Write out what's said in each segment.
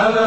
ala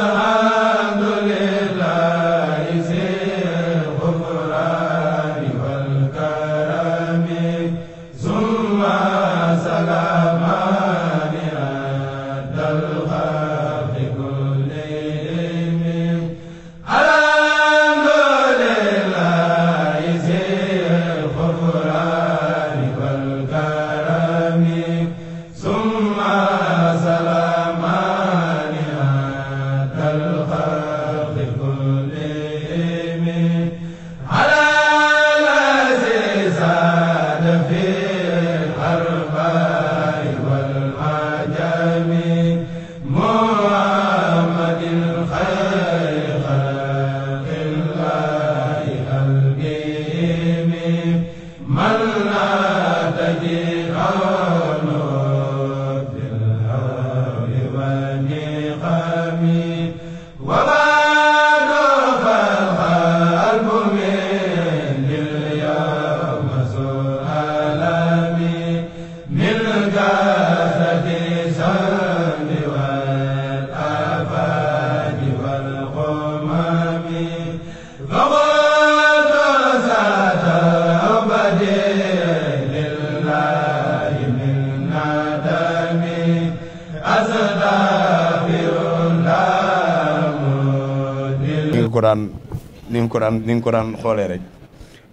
ni nga ko daan ni nga ko daan xoolee rek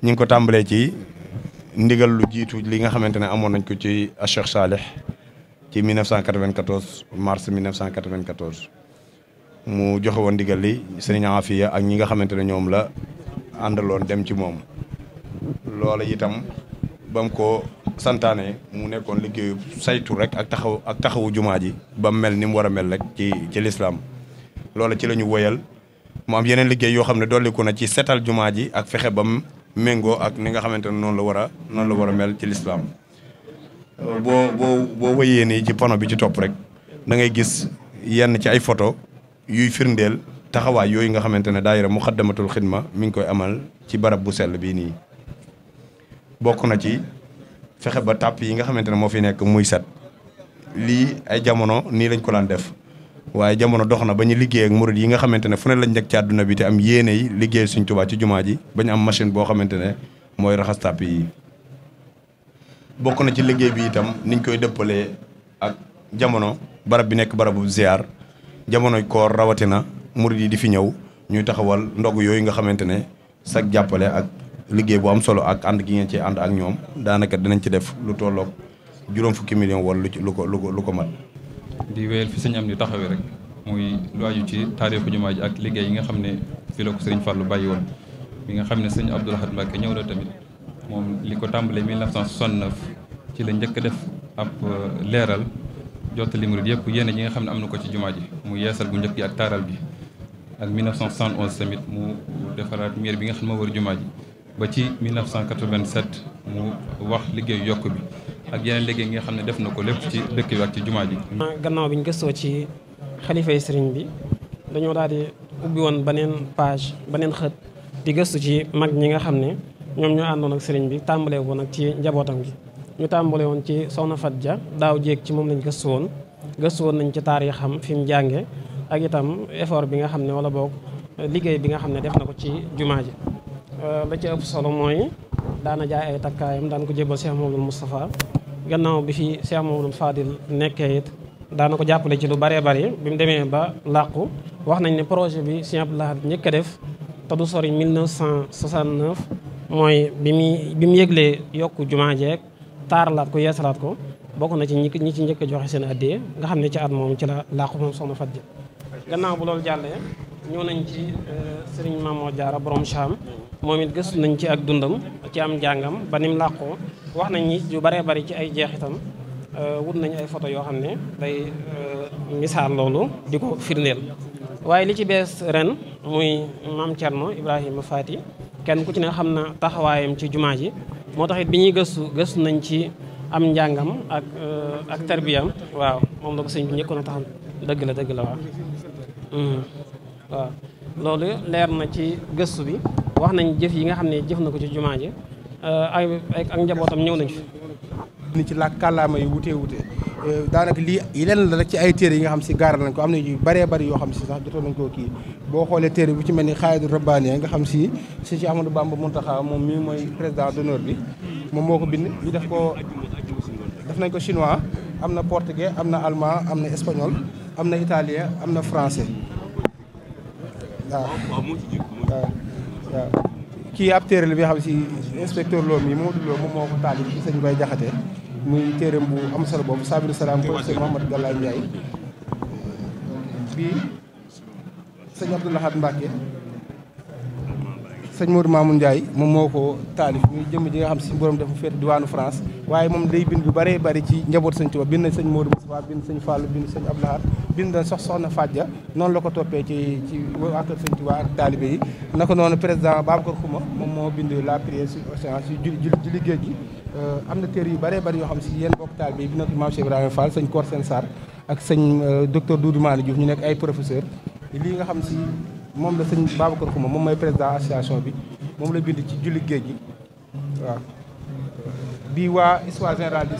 ñi ngi ko tàmbalee ci ndigal lu jiitu li nga xamante ne amoon nañ ko ci Cheikh Salih ci 1994 mars 1994 mu joxe ndigal li sëriñ Afia ak ñi nga xamante ne ñoom la àndaloon dem ci moom loola itam ba ko santaane mu nekkoon liggéeyu saytu rek ak taxaw ak taxawu jumaa ji ba mu mel ni mu war a mel rek ci ci lislaam loola ci lañu ñu woyal mu am yeneen liggéey yoo xam ne dolliku na ci setal jumaa ji ak fexe ba mu méngoo ak ni nga xamante ne noonu la war a noonu la war a mel ci lislaam euh, boo boo boo wëyee nii ci pano bi ci topp rek da ngay gis yenn ci ay photo yuy firndeel taxawaay yooyu nga xamante ne daayira muxaddamatul xidma mi ngi koy amal ci barab bu sell bii nii bokk na ci fexe ba tàpp yi nga xamante ne moo fi nekk muy set lii ay jamono nii lañ ko daan def waaye jamono dox na ba ñu liggéey ak murid yi nga xamante ne fu ne lañ njëkk ci àdduna bi te am yéene yi liggéey Sëriñ Tuubaa ci jumaa ji bañ am machine boo xamante ne mooy raxas tàpp yi bokk na ci liggéey bi itam niñ koy dëppalee ak jamono barab bi nekk barabu ziar jamonoy koor rawatina murid yi di fi ñëw ñuy taxawal ndog yooyu nga xamante ne sag jàppale ak liggéey bu am solo ak ànd ki ngeen ci ànd ak ñoom daanaka danañ ci def lu tolloog juróom fukki million wala lu ko lu ko lu ko mat di wéyal fi sëñ am di taxawee rek muy lu aju ci taarixu jumaa ji ak liggéey yi nga xam ne fi la ko sëriñ Fallou bàyyi woon bi nga xam ne sëñ Abdoul Ahad Mbacké ñëw na tamit moom li ko tàmbalee 1969 ci la njëkk def ab euh, leeral jottali murid yëpp yéen ñi nga xam ne am na ko ci jumaa ji mu yeesal bu njëkk gi ak taaral bi ak 1971 tamit mu defaraat miir bi nga xam ma war wër jumaa ji ba ci 1987 mu wax liggéeyu yokk bi ak yeneen liggéey nga xam ne def na ko lépp ci dëkk bi ak ci jumaa ji. gannaaw bi ñu gëstoo ci xalifay sëriñ bi dañoo daal di ubbi woon beneen page beneen xët di gëstu ci mag ñi nga xam ne ñoom ñoo àndoon ak sëriñ bi tàmbalee woon ak ci njabootam gi. ñu tàmbale woon ci Soxna Fat Dia daaw jéeg ci moom lañ gëstu woon gëstu woon nañ ci taarixam fi mu jànge ak itam effort bi nga xam ne wala boog liggéey bi nga xam ne def na ko ci jumaa ji euh, la ci ëpp solo mooy daana jaay ay takkaayam daan ko jébal Cheikh Mouhamadoul gannaaw bi fi Cheikh Mamadou Fadil nekkee it daana ko jàppale ci lu bëree bëri bi mu demee ba làqu wax nañ ne projet bi Cheikh Abdou Lahad njëkk a def te du sori 1969 mooy bi muy bi mu yëglee yokk jumaa jeeg taaralaat ko yeesalaat ko bokk na ci ñi ñi ci njëkk joxe seen addee nga xam ne ci at moom ci la làqu moom soxna Fadil gannaaw bu loolu jàllee ñëw nañ ci euh, Serigne Mamo Diarra borom Cham moom it gëstu nañ ci ak dundam ci am njàngam ba ni mu wax nañ ni yu baree bari ci ay jeexitam euh, wut nañ ay photo yoo xam ne day euh, misaal loolu di ko firndeel waaye li ci bees ren muy maam Thierno Ibrahima Faty kenn ku ci ne xam na taxawaayam ci jumaa ji moo tax it bi ñuy gëstu gëstu nañ ci am njàngam ak euh, ak tarbiyam waaw moom la ko sëñ bi njëkkoon a taxam dëgg la dëgg la hmm, waaw loolu leer na ci gëstu bi wax nañ jëf yi nga xam ne jëf na ko ci jumaa ji Euh, ay ak njabootam ñëw nañ fi. ni ci làkk kàllaama yi wutee wutee euh, daanaka lii yeneen la rek ci ay téere yi nga xam si gaaral nañ ko am na yu baree bëri yoo xam si sax jotoon nañ koo kii boo xoolee téere bu ci mel ni xaayadu rabbaani nga xam si si ci Amadou Bamba Muntaxa moom mii mooy président d'honneur bi moom moo ko bind ñu def ko def nañ ko chinois am na portugais am na allemand am na espagnol am na italien am na français waaw waaw waaw kii ab téere la bi xam si inspecteur Lo mi Mamadou Lo moom moo ko taalif ci sëñ Baye muy téereem bu am solo boobu Sabiru Salaam professeur Mouhamadou Galaye Ndiaye bii sëñ Abdoul Ahad Mbacké sëñ Modou Mamoun Ndiaye moom moo ko taalif muy jëmm ji nga xam si borom dafa féete diwaanu France waaye moom day bind lu baree bari ci njaboot sëñ Tuubaa bind nañ sëñ Modou Moustapha bind sëñ Fallou bind sëñ Abdou Lahad bind nañ sox soxna Fadja noonu la ko toppee ci ci waa kër sëñ naka noonu président Babacar Khouma moom moo bind la prière sur océan si juli juli géej gi euh, am na téere yu bëree bëri yoo xam si yéen bokk taalibe yi bi nag Mame Cheikh Ibrahima Fall sëñ Kor Sène Sarr ak sëñ euh, docteur Doudou Malick ñu nekk ay professeur lii nga xam si moom la sëñ Babacar Xuma moom mooy président association bi moom la bind ci julli géej gi waaw bii waa histoire générale du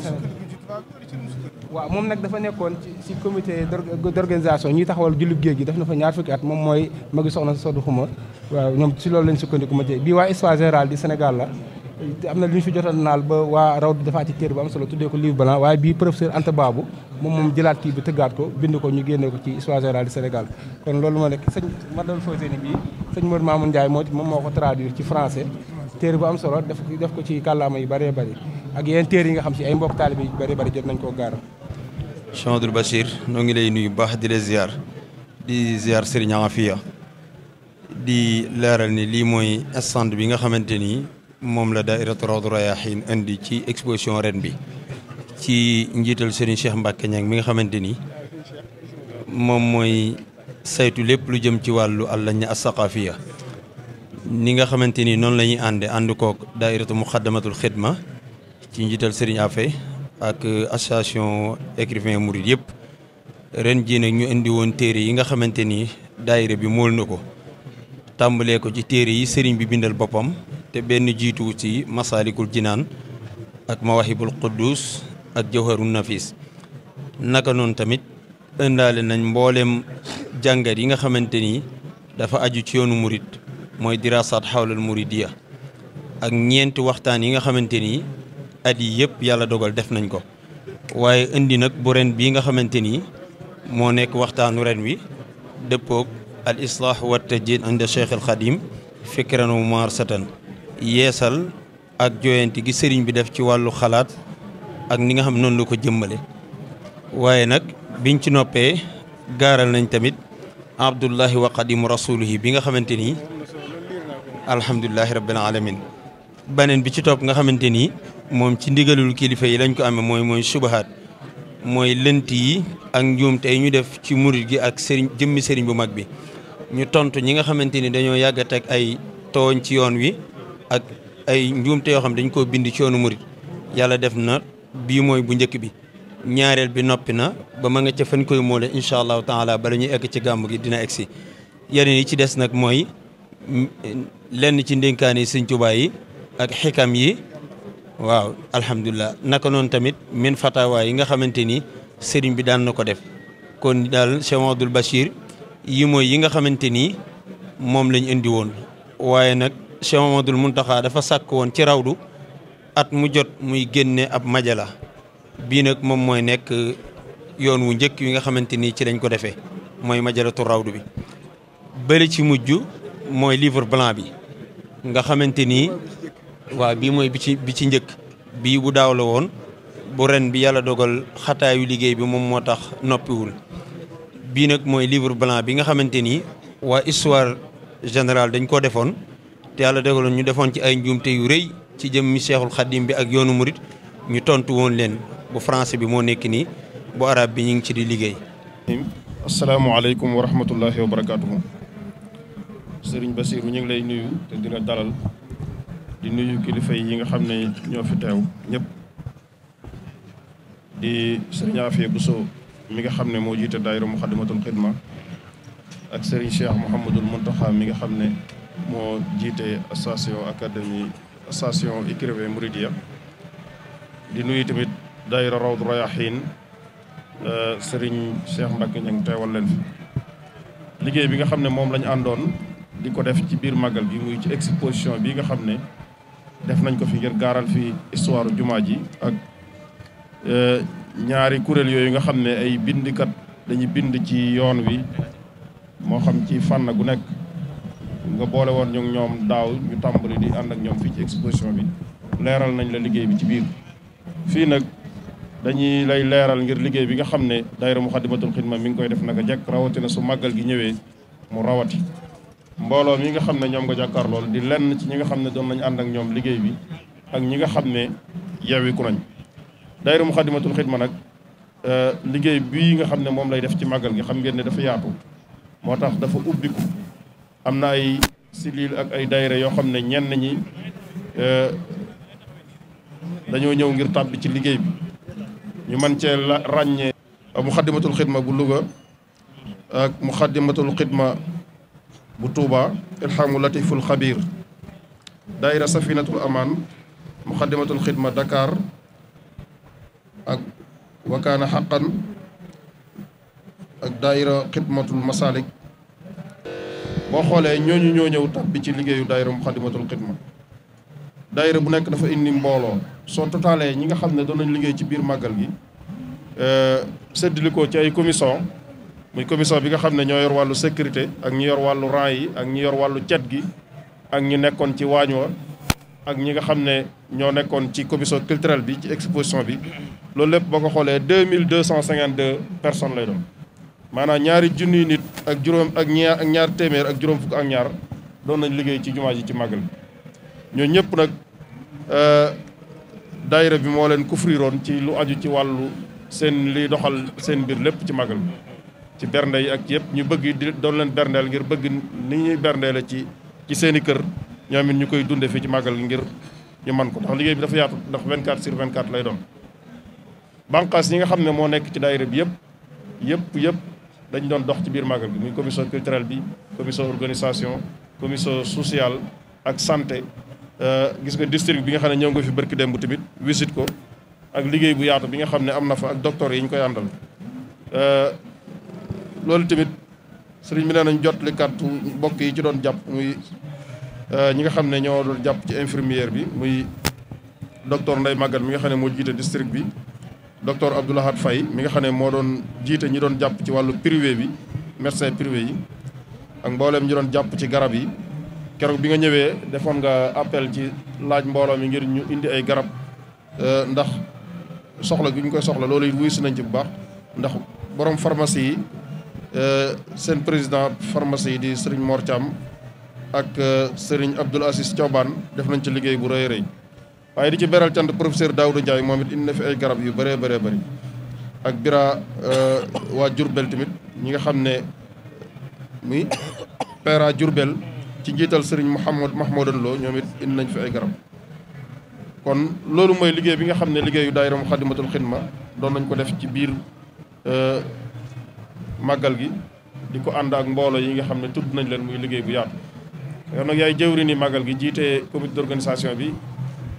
moom nag dafa nekkoon ci si comité d'organisation ñuy taxawal julli géej gi def na fa ñaar fukki at moom mooy magi soxna Sodu Xuma waaw ñoom si loolu lañ sukkandiku ma ci bii waa histoire générale du Sénégal la am na lu ñu fi jotal naal ba waa raw di defaat ci téere bu am solo tuddee ko livre blanc waaye bii professeur Anta Babou moom moom jëlaat kii bi tëggaat ko bind ko ñu génne ko ci histoire générale du Sénégal kon loolu moo nekk sëñ Madal Fawzeyni bii sëñ Modou Mamoun Ndiaye moo moom moo ko traduire ci français téere bu am solo def def ko ci kàllaama yu baree bëri ak yeneen téere yi nga xam si ay mbokk taalibe yu bëree bëri jot nañ koo gaaral Cheikh Abdoul Bachir noo ngi lay nuyu baax di la di ziar Serigne Afia di leeral ni lii mooy stand bi nga xamante nii moom la daayiratu Rawdu Rayaahiin indi ci exposition ren bi ci njiital Serigne Cheikh Mbacke Niang mi nga xamante ni moom mooy saytu lépp lu jëm ci wàllu àlla ña as ni nga xamante ni noonu la ñuy ànde ànd koog daayiratu Muxaddamatul Xidma ci njiital Serigne Afey ak association écrivain Mouride yëpp ren jii nag ñu indi woon téere yi nga xamante ni daayira bi mool na ko tàmbalee ko ci téere yi Serigne bi bindal boppam. te benn jiitu ci masaalikul jinaan ak mawahibul quddus ak jawharun nafis naka noonu tamit indaale nañ mbooleem jàngat yi nga xamante ni dafa aju ci yoonu murit mooy diraasaat xawlal muridiya ak ñeenti waxtaan yi nga xamante ni at yi yëpp yàlla dogal def nañ ko waaye indi nag bu ren bii nga xamante ni moo nekk waxtaanu ren wi dëppoog al islah wa tajdiid inda cheikh al xadim fikran wa marsatan yeesal ak joyante gi sëriñ bi def ci wàllu xalaat ak ni nga xam noonu la ko jëmmale waaye nag biñ ci noppee gaaral nañ tamit abdullahi wa qadimu rasulihi bi nga xamante ni alhamdulilahi rabbil alamin baneen bi ci topp nga xamante ni moom ci ndigalul kilifa yi lañ ko ame mooy mooy subahaat mooy lënt yi ak njuum tey ñu def ci murit gi ak sëriñ jëmmi sëriñ bu mag bi ñu tontu ñi nga xamante ni dañoo yàgg a ay tooñ ci yoon wi ak ay njuumte yoo xam dañ koo bind ci yoonu murit yàlla def na bii mooy bu njëkk bi ñaareel bi noppi na ba ma nga ca fan koy moole incha allahu taala bala ñuy egg ci gàmm gi dina egg si yeneen yi ci des nag mooy lenn ci ndénkaan yi sëñ Tuubaa yi ak xikam yi waaw alhamdulilah naka noonu tamit min fatawa yi nga xamante ni sëriñ bi daan na ko def kon daal Cheikh Abdoul Bachir yi mooy yi nga xamante ni moom lañ indi woon waaye nag Cheikh Mamadul taxaa dafa sàkk woon ci rawdu at mu jot muy génne ab majala bii nag moom mooy nekk yoon wu njëkk wi nga xamante ni ci lañ ko defee mooy majalatu rawdu bi bële ci mujj mooy livre blanc bi nga xamante ni waa bii mooy bi ci bi ci njëkk bii bu daaw la woon bu ren bi yàlla dogal xataayu liggéey bi moom moo tax noppiwul bii nag mooy livre blanc bi nga xamante ni waa histoire générale dañ ko defoon yàlla dogaloon ñu defoon ci ay njuumte yu rëy ci jëmmi Seexul Xaddim bi ak yoonu murit ñu tontu woon leen bu français bi moo nekk nii bu arab bi ñu ngi ci di liggéey. asalaamaaleykum wa rahmatullahi wa barakaatuhu. Serigne Bassirou ñu ngi lay nuyu te di la dalal di nuyu kilifa yi nga xam ne ñoo fi teew ñëpp. di Serigne bu Bousso mi nga xam ne moo jiite daayira Muxaddamatul Xidma ak Serigne Cheikh Mouhamadul Muntaxa mi nga xam ne. moo jiite station académie station écrivain Mouridia di nuyu tamit daayira Rawdu Rayahin euh, Serigne Cheikh Mbacke ñang teewal leen fi liggéey bi nga xam ne moom lañu àndoon di ko def ci biir màggal bi muy ci exposition bi nga xam ne def nañ ko fi ngir gaaral fi histoire jumaa ji ak euh, ñaari kuréel yooyu nga xam ne ay bindikat dañuy bind ci yoon wi moo xam ci fànn gu nekk nga boole woon ñu ñoom daaw ñu tàmbali di ànd ak ñoom fii ci exposition bi leeral nañ la liggéey bi ci biir fii nag dañuy lay leeral ngir liggéey bi nga xam ne day daayira Muxaddamatul Xidma mi ngi koy def naka jekk rawatina su màggal gi ñëwee mu rawati mbooloo mi nga xam ne ñoom nga jàkkaar lool di lenn ci ñi nga xam ne doon nañ ànd ak ñoom liggéey bi ak ñi nga xam ne yeewiku nañ daayira Muxaddamatul Xidma nag euh, liggéey bii nga xam ne moom lay def ci màggal gi xam ngeen ne dafa yaatu moo tax dafa ubbiku am na ay cellule ak ay daayira yoo xam ne ñenn ñi euh, dañoo ñëw ngir tàbbi ci liggéey bi ñu man cee ràññee muxaddamatul xidma bu luga ak muxaddamatul xidma bu Touba ilhamu latiful xabir daayira safinatul aman muxaddamatul xidma dakaar ak wakaana xaqan ak daayira xidmatul masalik boo xoolee ñooñu ñoo ñëw bi ci liggéeyu daayira Muxaddamatul Xidma daayira bu nekk dafa indi mbooloo soo totalee ñi nga xam ne doon nañ liggéey ci biir màggal gi euh, séddale ko ci ay commission muy commission bi nga xam ne ñoo yor wàllu sécurité ak ñi yor wàllu rang yi ak ñi yor wàllu cet gi ak ñi nekkoon ci waañ wa ak ñi nga xam ne ñoo nekkoon ci commission culturelle bi ci exposition bi loolu lépp boo ko xoolee deux mille deux cent cinquante deux personnes lay doon. maanaam ñaari junniy nit ak juróom ak ñaar ak ñaar téeméer ak juróom fukk ak ñaar doon nañ liggéey ci jumaa ji ci màggal ñoo ñëpp nag euh, daayira bi moo leen kufriroon ci lu aju ci wàllu seen liy doxal seen mbir lépp ci màggal ci bernde yi ak yëpp ñu bëgg di doon leen berndeel ngir bëgg ni ñuy berndeele ci ci seen i kër ñoom it ñu koy dunde fii ci màggal ngir ñu man ko ndax liggéey bi dafa yaatu ndax 24 sur 24 lay doon banqaas yi nga xam ne moo nekk ci daayira bi yëpp yëpp yëpp dañu doon dox ci biir màggal bi muy commission culturelle bi commission organisation commission sociale ak santé euh, gis nga district bi nga xam ne ñëw nga fi barki démb tamit visite ko ak liggéey bu yaatu bi nga xam ne am na fa ak docteur yi ñu koy àndal euh, loolu tamit sëriñ bi nee nañ jot li mbokk yi ci doon jàpp muy euh, ñi nga xam ne ñoo doon jàpp ci infirmière bi muy docteur Ndeye Maguette mi nga xam ne moo jiite district bi docteur Abdou Lahad Faye mi nga xam ne moo doon jiite ñi doon jàpp ci wàllu privé bi médecin privé yi ak mbooleem ñi doon jàpp ci garab yi keroog bi nga ñëwee defoon nga appel ci laaj mbooloo mi ngir ñu indi ay garab euh, ndax soxla gi ñu koy soxla loolu it wuyusi nañ ci bu baax ndax borom pharmacie yi euh, seen président pharmacie yi di Serigne Mor Thiam ak euh, Serigne Abdoul Aziz coobaan def nañ ci liggéey bu rëy rëy waaye di ci beral cant professeur Daouda jaay moom it indi na fi ay garab yu bëree bare bëri ak bira euh, waa Jurbel tamit ñi nga xam ne muy pera Jurbel ci njiital sëriñ Mouhamad Mahmoudan Lo ñoom it indi nañ fi ay garab kon loolu mooy liggéey bi nga xam ne liggéeyu daayira Muxaddamatul Xidma doon nañ ko def ci biir euh, màggal gi di ko ànd ak mboolo yi nga xam ne tudd nañ leen muy liggéey bu yaatu yow nag yaay jëwri màggal gi jiite comité d'organisation bi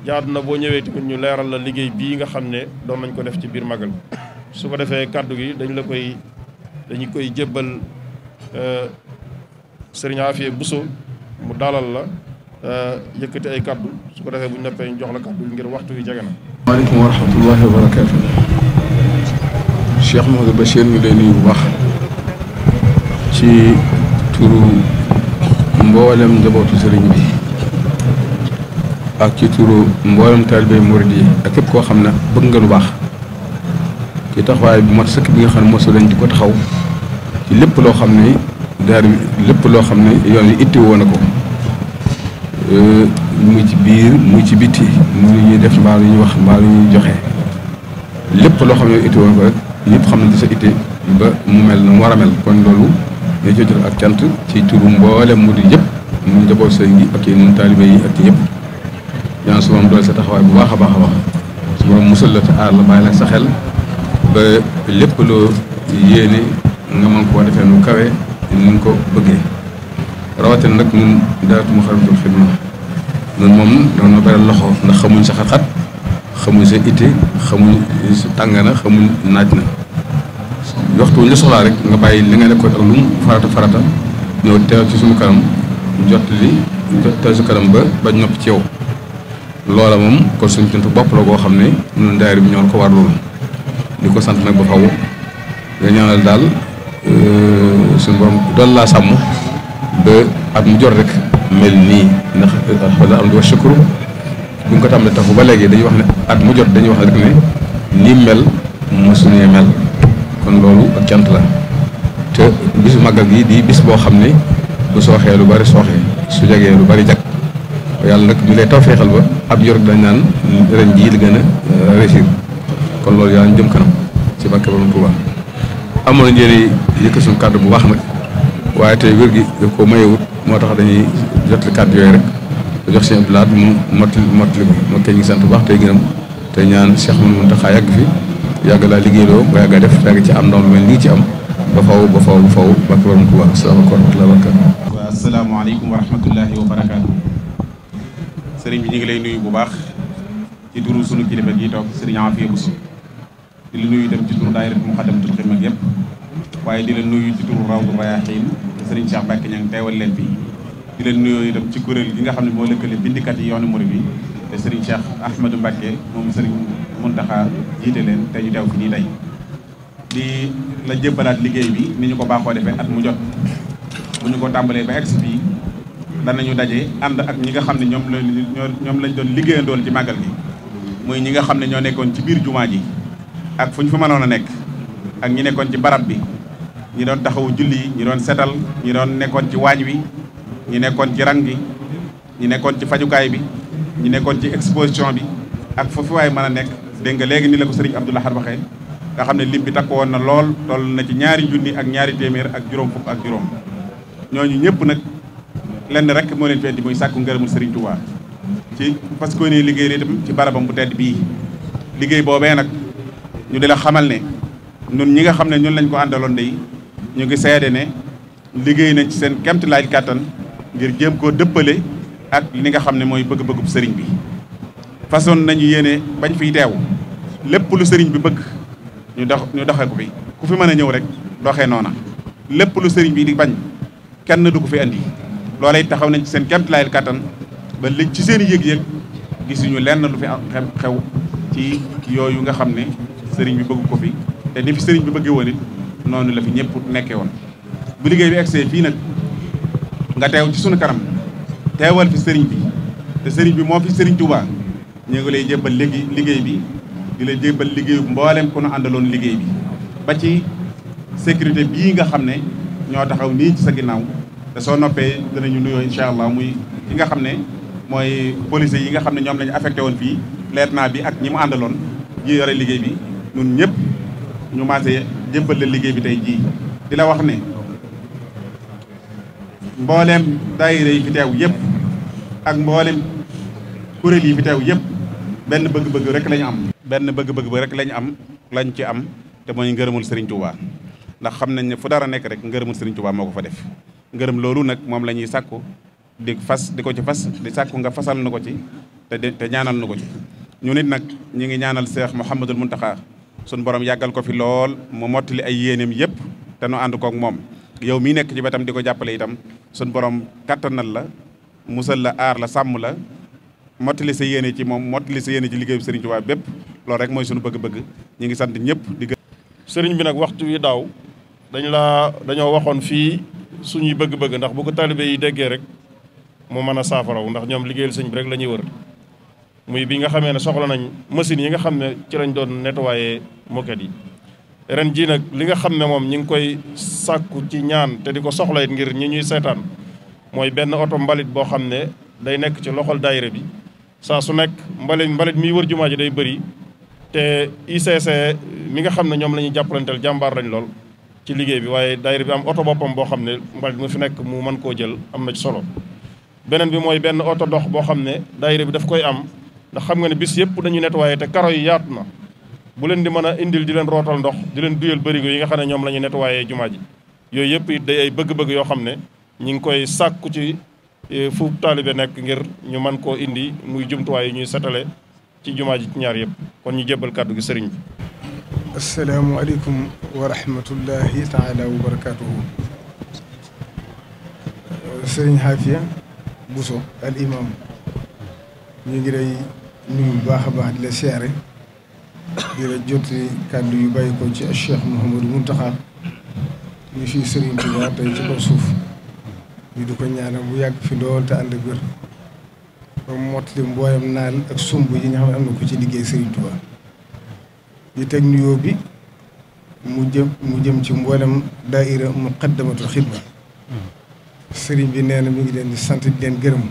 jaadu na boo ñëwee tamit ñu leeral la liggéey bii nga xam ne doon nañ ko def ci biir magal su ko defee kàddu gi dañ la koy dañu koy jébbal euh, sëriñ Afia buso mu dalal la euh, yëkkati ay kàddu su ko defee bu ñu noppee ñu jox la kàddu ngir waxtu wi jege na. maaleykum wa rahmatullahi wa barakaatu. Cheikh Mouhamadou Bachir ñu lay nuyu bu baax ci turu mboolem njabootu sëriñ bi. ak ci turu mboolem taalibe murid yi ak képp koo xam ne bëgg nga lu baax ci taxawaay bu mat sëkk bi nga xam ne mosu dañ di ko taxaw ci lépp loo xam ne daar lépp loo xam ne yoon yi itti na ko euh, muy ci biir muy ci bitti mu lu ñuy def lu ñuy wax mbaa lu ñuy joxe lépp loo xam ne itti woon rek ñëpp xam nañ di sa ba mu mel na mu war mel kon loolu ñooy jotal ak cant ci turu mboolem murid yëpp mu njaboot sëñ gi ak yéen taalibe yi ak ci ñëpp ñaan su borom dool sa taxawaay bu baax a baax a baax su borom musal la aar la bàyyi la sa xel ba lépp loo yéene nga mën koo defee nu kawe ni nga ko bëggee rawatina nag ñun daatu Moukhaddamatoul Khidma ñun moom doon na beral loxo ndax xamuñ sa xat-xat xamuñ sa itte xamuñ sa tàng na xamuñ naaj na waxtu wu ñu soxlaa rek nga bàyyi li nga nekkoon ak lum farata farata ñëw teew ci suñu kanam jot li jot teew ci kanam ba ba ñopp ci yow. loola moom kon suñ tuntu bopp la koo xam ne ñun daayira bi ñoo ko war loolu ko sant nag ba faw nga ñaanal daal euh, suñu borom laa sàmm ba mu jot rek mel nii ndax am di wax shukru bu ñu ko tàmbalee taxu ba léegi dañuy wax ne at mu jot dañuy wax rek ne nii mel moo suñuy mel kon loolu ak cant la te bisu màggal gi di bis boo xam ne bu sooxee lu bari sooxee su jegee lu bari jag yàlla nag ñu lay tawfeexal ba ab yor dañ naan ren jii li gën a euh, réussir kon loolu yaa ñu jëm kanam ci barke Borom Touba amoon nañu yéen a yëkkat suñu kàddu bu baax nag waaye tey wér ko mayewut moo tax dañuy jotli kàddu yooyu rek jox seen bilaat mu mottali mottali ko moo tey ñu ngi sant bu baax tey gërëm tey ñaan Cheikh Mountakha yàgg fi yàgg laa liggéeyloo nga a def yàgg ci am ndoom mel ni ci am ba faw ba faw ba faw barke Borom Touba salaamaaleykum wa rahmatulah wa barakaatu. waaw salaamaaleykum wa sëriñ bi ñu ngi lay nuyu bu baax ci turu sunu kilifa gi toog sëriñ Afia Bousso di la nuyu itam ci turu daayira Muxaddamatul Xidma yëpp waaye di nuyu ci turu Rawdu Rayaahiin sëriñ Cheikh Mbacke ña ngi teewal leen bi di leen nuyoo itam ci kuréel gi nga xam ne moo lëkkale bindikat yi yoonu murid bi te sëriñ Cheikh Ahmadou Mbacke moom sëriñ Muntaxa jiite leen te ñu teew fi nii tey di la jébbalaat liggéey bi ni ñu ko baaxoo defee at mu jot bu ñu ko ñu daje ànd ak ñi nga xam ne ñoom la ñoom lañ doon liggéeyandool ci màggal gi muy ñi nga xam ne ñoo nekkoon ci biir jumaa ji ak fu ñu fa mënoon a nekk ak ñi nekkoon ci barab bi ñi doon taxawu julli ñi doon setal ñi doon nekkoon ci waañ wi ñi nekkoon ci rang gi ñi nekkoon ci fajukaay bi ñi nekkoon ci exposition bi ak foofu waay mën a nekk dégg nga léegi ni la ko sëriñ Abdou Lahad waxee nga xam ne lim bi takku woon na lool toll na ci ñaari junni ak ñaari téeméer ak juróom ak juróom ñooñu ñëpp lenn rek moo leen fi indi muy sàkku ngërëmul Serigne Touba ci parce que ne liggéey itam ci barabam bu tedd bii liggéey boobee nag ñu di la xamal ne ñun ñi nga xam ne ñun lañ ko àndaloon day ñu ngi seede ne liggéey nañ ci seen kemt kàttan ngir jëm koo dëppale ak li nga xam ne mooy bëgg-bëggub sëriñ bi façon nañu yéene bañ fiy teew lépp lu sëriñ bi bëgg ñu dox ñu doxee ko fi ku fi mën a ñëw rek doxee noona lépp lu sëriñ bi di bañ kenn du ko fi andi loola taxaw nañ ci seen kéemtalaayal kàttan ba léj ci seen i yëg-yëg gisuñu lenn lu fi xew ci yooyu nga xam ne sëriñ bi bëgg ko fi te ni fi sëriñ bi bëggee woon noonu la fi ñëpp nekkee woon. bu liggéey bi egsee fii nag nga teew ci sunu kanam teewal fi sëriñ bi te sëriñ bi moo fi sëriñ Touba ñu ngi lay jébbal léegi liggéey bi di la jébbal liggéeyu mboolem ku nu àndaloon liggéey bi ba ci sécurité bii nga xam ne ñoo taxaw nii ci sa ginnaaw. te soo noppee danañu nuyoo incha allah muy ki nga xam ne mooy police yi nga xam ne ñoom lañu ñu woon fii naa bi ak ñi mu àndaloon ñi yore liggéey bi ñun ñëpp ñu maasee jëmbal la liggéey bi tey jii di la wax ne mbooleem daayira yi fi teew yëpp ak mboolem kuréel yi fi teew yëpp benn bëgg-bëgg rek lañu am benn bëgg-bëgg bi rek lañu am lañ ci am te mooy ngërëmul Serigne Touba ndax xam nañ ne fu dara nekk rek ngërëmul Serigne Touba moo ko fa def ngërëm loolu nag moom la ñuy sàkku di fas di ko ci fas di sàkku nga fasal na ko ci te te ñaanal na ko ci ñu nit nag ñu ngi ñaanal seex Mouhamadul Mountakha suñ borom yàggal ko fi lool mu mottali ay yéeneem yëpp te nu ànd koog moom yow mii nekk ci wetam di ko jàppale tam suñ borom kattanal la musal la aar la sàmm la mottali sa yéene ci moom mottali sa yéene ci liggéeyu sëriñ Tuubaa bépp loolu rek mooy suñu bëgg-bëgg ñu ngi sant ñëpp di gë sëriñ suñuy bëgg-bëgg ndax boo ko taalibe yi déggee rek mu mën a saafaraw ndax ñoom liggéeyal sëñ bi rek la ñuy wër muy bii nga xamee ne soxla nañ machines yi nga xam ne ci lañ doon nettoyer moquette yi ren jii nag li nga xam ne moom ñi ngi koy sàkku ci ñaan te di ko soxla ngir ñi ñuy seetaan mooy benn oto mbalit boo xam ne day nekk ci loxol daayira bi saa su nekk mbalit mbalit miy wër jumaa ji day bëri te i ICC mi nga xam ne ñoom la ñuy jàppalanteel jàmbaar lañ lool ci liggéey bi waaye daayira bi am oto boppam boo xam ne mbalit mu fi nekk mu mën koo jël am na ci solo beneen bi mooy benn oto dox boo xam ne dayre bi daf koy am ndax xam nga ne bis yëpp dañu nettoyé te karo yi yaatu na bu leen di mën a indil di leen rootal ndox di leen duyal bërigo yi nga xam ne ñoom lañu ñuy nettoyé jumaa ji yooyu yëpp it day ay bëgg-bëgg yoo xam ne ñu ngi koy sàkku ci e, fu taalibe nekk ngir ñu mën koo indi muy jumtuwaay yi ñuy setale ci jumaa ji ñaar yëpp kon ñu jébbal kàddu gi sëriñ bi asalaamualeykum wa rahmatullahi taala wa barakaatuhu sëriñ Xaafiya Buso al imam ñu ngi lay nuyu bu baax a baax di la siyaare di la jotti kàddu yu bàyyi ko ci Cheikh Mouhamadou Mountakha ñu fi sëriñ Tuubaa tey ci kaw suuf ñu di ko ñaanal bu yàgg fi lool te ànd ak wér ba mottali mbooyam naan ak sumb yi nga xam ne am na ko ci liggéey sëriñ Tuubaa di teg nuyoo bi mu jëm mu jëm ci mboolem daaira muqaddamatul xidma sëriñ bi nee na mi ngi leen di sant di leen gërëm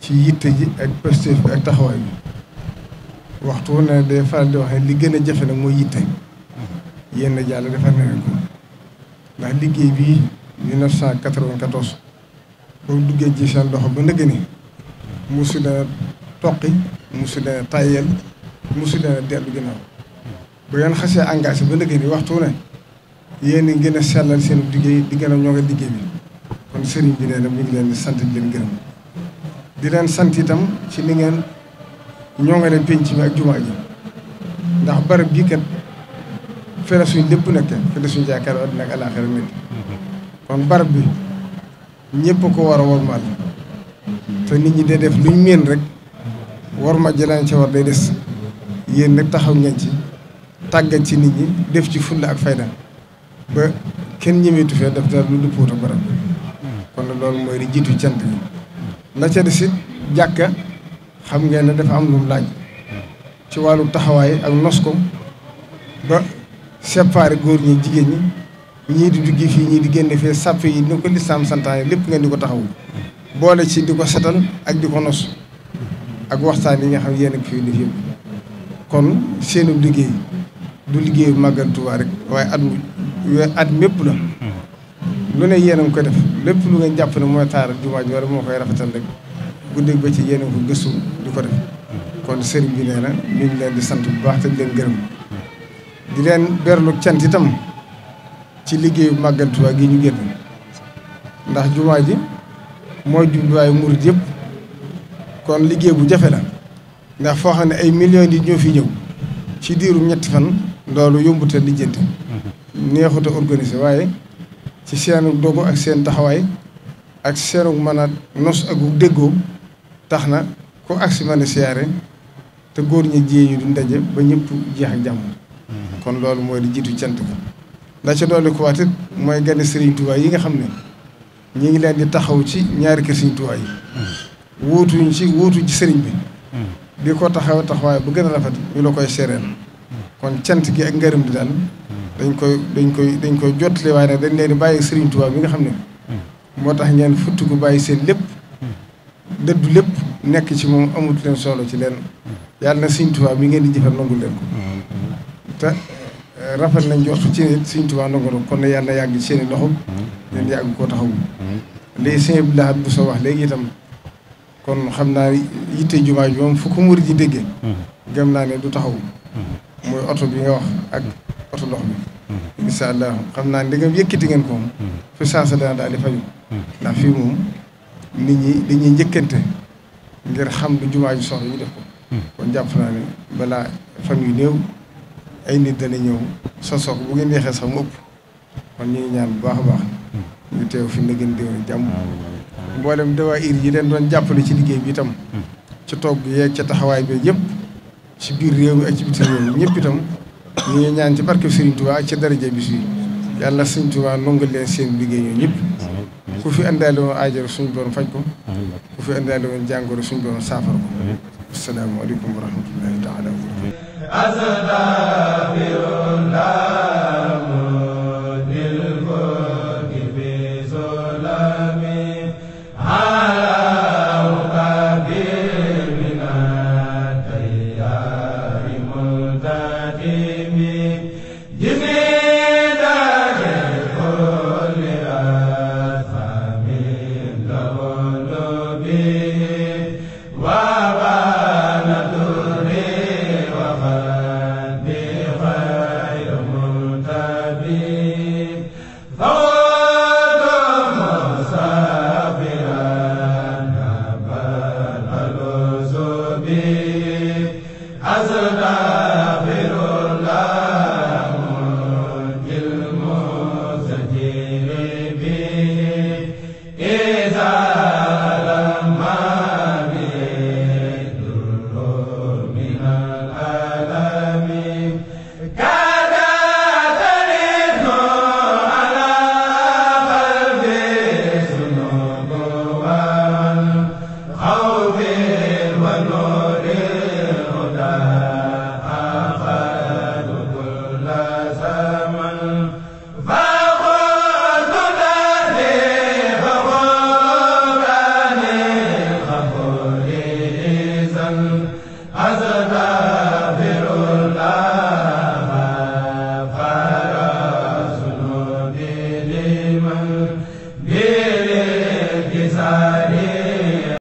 ci yitte ji ak posture bi ak taxawaay bi waxtu wu ne day faral di wax li gën a jafe nag mooy yitte yenn jàll dafa ne ko ndax liggéey bii 1994 ba duggee ci seen dox ba nëgg ni musu dana toqi musu dana tàyyeel mosu leen a dellu ginnaaw bu ngeen xasee engagé ba bi waxtu yéen a gën a sellal seen liggéey di gën ñoo ngi liggéey kon sëriñ mu ngi leen di sant di leen leen sant itam ci ni ngeen ñoo leen penc mi ak jumaa ndax barab bii kat fii lépp nekk suñ jaakaar àddina kon barab bi ñëpp ko war a wormaal te nit ñi day def luñ meen rek worma jëlaan ci war day des. yéen nag taxaw ngeen ci tàggat ci nit ñi def ci fulla ak fayda ba kenn ñemeetu fee def dara lu dëppoota borom kon loolu mooy di jiitu cant bi la ca des jàkka xam ngeen ne dafa am lu laaj ci wàllu taxawaay ak nos ko ba séparé góor ñi jigéen ñi ñii di dugg fii ñii di génne fee sàpp yi ni ko lislaam santaane lépp ngeen di ko taxawu boole ci di ko setal ak di ko nos ak waxtaan yi nga xam yéen ak fii di kon seenu liggéey du liggéeyu màggantuwaay rek waaye at mu at mépp la lu ne yéen a ngi koy def lépp lu ngeen jàpp ne mooy taaral jumaa ji wala moo koy rafetal rek guddeeg ba ci yéen ko gëstu di ko def kon sëriñ bi nee na ñu leen di sant bu baax te leen gërëm di leen berlu cant itam ci liggéeyu màggal gi ñu génn ndax jumaa ji mooy jubluwaayu murit yëpp kon liggéey bu jafe la ndax foo xam ne ay millions yi ñëw fi ñëw ci diirum ñetti fan loolu yombute lijjanti neexut a waaye ci seen dogu ak seen taxawaay ak seenu mën a nos ak déggoo tax na ku agsi mën a siyaare te góor ñi jiyee ñu duñ daje ba ñëpp jeex ak jàmm kon loolu mooy di jiitu jant ko ndax ci doolu ko waat mooy gane Serigne Touba yi nga xam ne ñu ngi leen di taxaw ci ñaari kër Serigne Touba yi mm. wóotuñ ci wóotuñ ci sëriñ bi mm. li ko taxaw taxawaay bu gën a rafet ñu la koy séeréel kon cant gi ak ngërëm di daal dañ koy dañ koy dañ koy jottali waaye nag dañ leen di bàyyi Serigne Touba bi nga xam ne moo tax ngeen futti ko bàyyi seen lépp dëddu lépp nekk ci moom amut leen solo ci leen yàlla na Serigne Touba bi ngeen di jëfal nangul leen ko te eh, rafet nañ jortu ci nit Serigne Touba nangul kon yàlla yàgg ci seen i loxo leen yàgg koo taxawu léegi sëñ Abdoulaye bu sa wax léegi itam kon xam naa yitte jumaa ji moom fu ko murid ji déggee hmm. gëm naa ne du taxaw hmm. mooy oto bi nga wax ak oto ndox bi hmm. insha allah xam naa ndegam yëkkati ngeen ko moom fi saasa dana daal di fayu ndax fii moom nit ñi dañuy njëkkante ngir xam du jumaa ji soxla ñu def ko kon jàpp naa ne balaa fan yu néew ay nit dana ñëw sa ko bu ngeen yeexee sax mu ëpp kon ñu ngi ñaan bu baax a baax ñu teew fi na gën déwén jàmm mboolem dawaayir yi leen doon jàppale ci liggéey bi itam. Hmm. ci togg yeeg ca taxawaay bi yëpp ci biir réew mi ak ci bitim réew mi ñëpp ñu ngi ñaan ci barke Serigne Touba ak ci daraja bis yi yàlla Serigne Touba leen seen liggéey ñoom ñépp ku fi indaale woon aajara suñu borom faj ko. ku fi indaale woon jàngoro suñu borom saafara ko. asalaamaaleykum wa rahmatullahi taala.